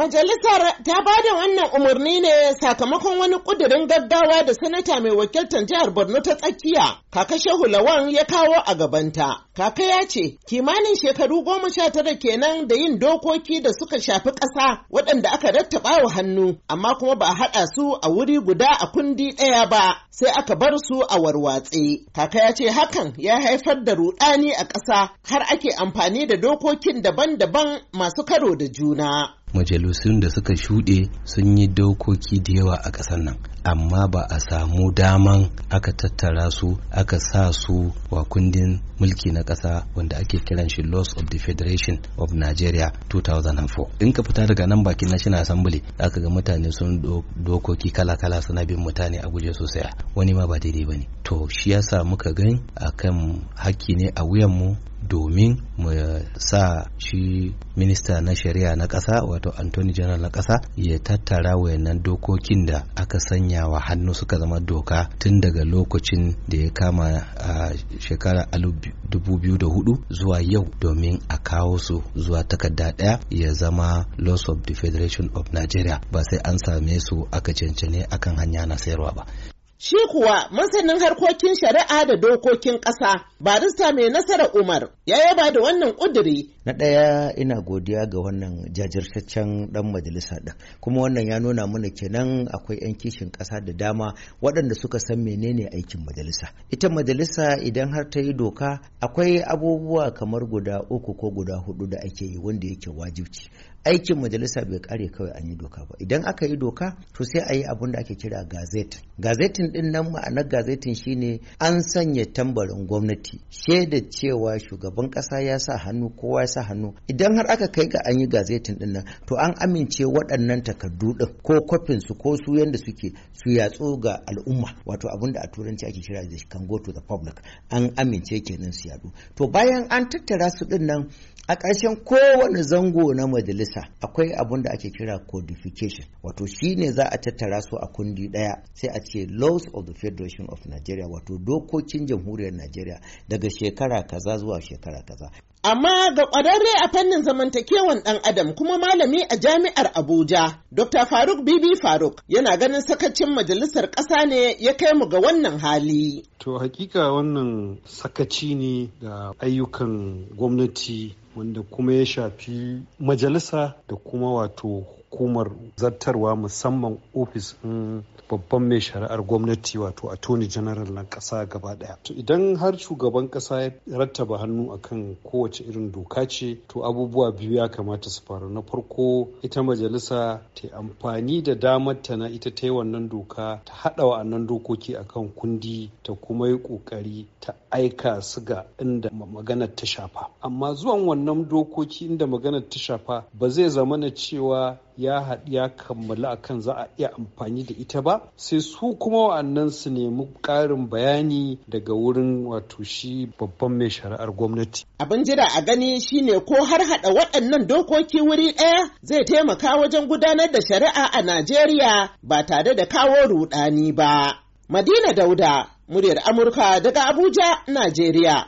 Majalisar ta ba da wannan umarni ne sakamakon wani ƙudurin gaggawa da sanata mai wakiltar jihar Borno ta tsakiya, kaka Shehu Lawan ya kawo a gabanta. Kaka ya ce, kimanin shekaru goma sha tara kenan da yin dokoki da suka shafi ƙasa waɗanda aka rattaba wa hannu, amma kuma ba a haɗa su a wuri guda a kundi ɗaya ba, sai aka bar su a warwatse. Kaka ya ce hakan ya haifar da ruɗani a ƙasa har ake amfani da dokokin daban-daban masu karo da juna. majalisun da suka shuɗe sun yi dokoki da yawa a ƙasar nan amma ba a samu daman aka tattara su aka sa su wa kundin mulki na ƙasa wanda ake kiran shi laws of the federation of nigeria 2004 in ka fita daga nan bakin national assembly aka ga mutane sun dokoki kala-kala suna bin mutane a guje sosai wani ma ba daidai ba ne to shi yasa muka gani kan hakki ne a wuyanmu domin mu sa shi minista na shari'a na ƙasa wato antony general na ƙasa ya tattara wayannan dokokin da aka sanya wa hannu suka zama doka tun daga lokacin da ya kama a shekara 2004 zuwa yau domin a kawo su zuwa takarda ɗaya ya zama laws of the federation of nigeria ba sai an same su aka cancane akan hanya na sayarwa ba Shi kuwa masanin harkokin shari'a da dokokin ƙasa barista mai nasara Umar ya yaba da wannan ƙuduri na ɗaya ina godiya ga wannan jajirtaccen ɗan majalisa ɗin kuma wannan ya nuna mana kenan akwai 'yan kishin ƙasa da dama waɗanda suka san menene aikin majalisa ita majalisa idan har ta yi doka akwai abubuwa kamar guda uku ko guda hudu da ake yi wanda yake wajibci aikin majalisa bai kare kawai an yi doka ba idan aka yi doka to sai a yi abin da ake kira gazet gazetin din nan ma'anar gazetin shine an sanya tambarin gwamnati shaida cewa shugaban ƙasa ya sa hannu kowa ya sa sa hannu idan har aka kai ga an yi gazetin din nan to an amince waɗannan takardu din ko kwafin su ko su yanda suke su yatsu ga al'umma wato abin a turanci ake kira da kan go to the public an amince kenan su yadu to bayan an tattara su din nan a ƙarshen kowane zango na majalisa akwai abin da ake kira codification wato shi ne za a tattara su a kundi ɗaya sai a ce laws of the federation of nigeria wato dokokin jamhuriyar nigeria daga shekara kaza zuwa shekara kaza Amma ga ƙwararre a fannin zamantakewan ɗan adam kuma malami a jami'ar Abuja, Dr. Faruk Bibi Faruk yana ganin sakacin majalisar ƙasa ne ya kai mu ga wannan hali. To hakika wannan sakaci ne ga ayyukan gwamnati wanda kuma ya shafi majalisa da kuma wato hukumar zartarwa musamman ofis in babban mai shari'ar gwamnati wato attorney general na ƙasa gaba ɗaya to idan har shugaban ƙasa ya rattaba hannu akan kowace irin doka ce to abubuwa biyu ya kamata su faru na farko ita majalisa ta yi amfani da damar ta na ita ta yi wannan doka ta hada wa'annan dokoki akan kundi ta kuma yi ƙoƙari ta aika su ga inda maganar ta shafa amma zuwan wannan dokoki inda maganar ta shafa ba zai zama na cewa ya haɗu ya kammala akan za a iya amfani da ita ba sai su kuma wa'annan su nemi ƙarin bayani daga wurin wato shi babban mai shari'ar gwamnati. Abin jira a gani shine ko har haɗa waɗannan dokoki wuri ɗaya zai taimaka wajen gudanar da shari'a a Najeriya ba tare da kawo ruɗani ba. Madina Dauda, muryar Amurka daga Abuja, Najeriya.